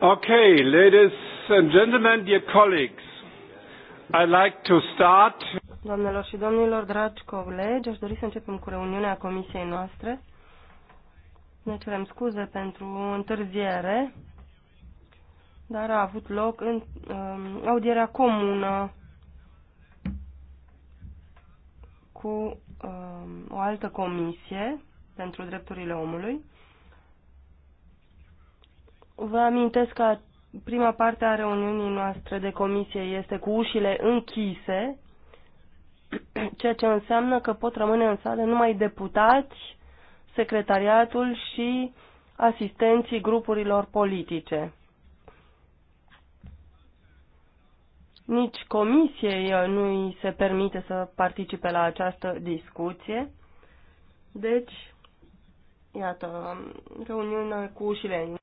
Okay, ladies and gentlemen, dear colleagues, I'd like to start. Doamnelor și domnilor, dragi colegi, aș dori să începem cu reuniunea comisiei noastre. Ne cerem scuze pentru întârziere, dar a avut loc în, um, audierea comună cu um, o altă comisie pentru drepturile omului Vă amintesc că prima parte a reuniunii noastre de comisie este cu ușile închise, ceea ce înseamnă că pot rămâne în sală numai deputați, secretariatul și asistenții grupurilor politice. Nici comisiei nu îi se permite să participe la această discuție. Deci, iată, reuniunea cu ușile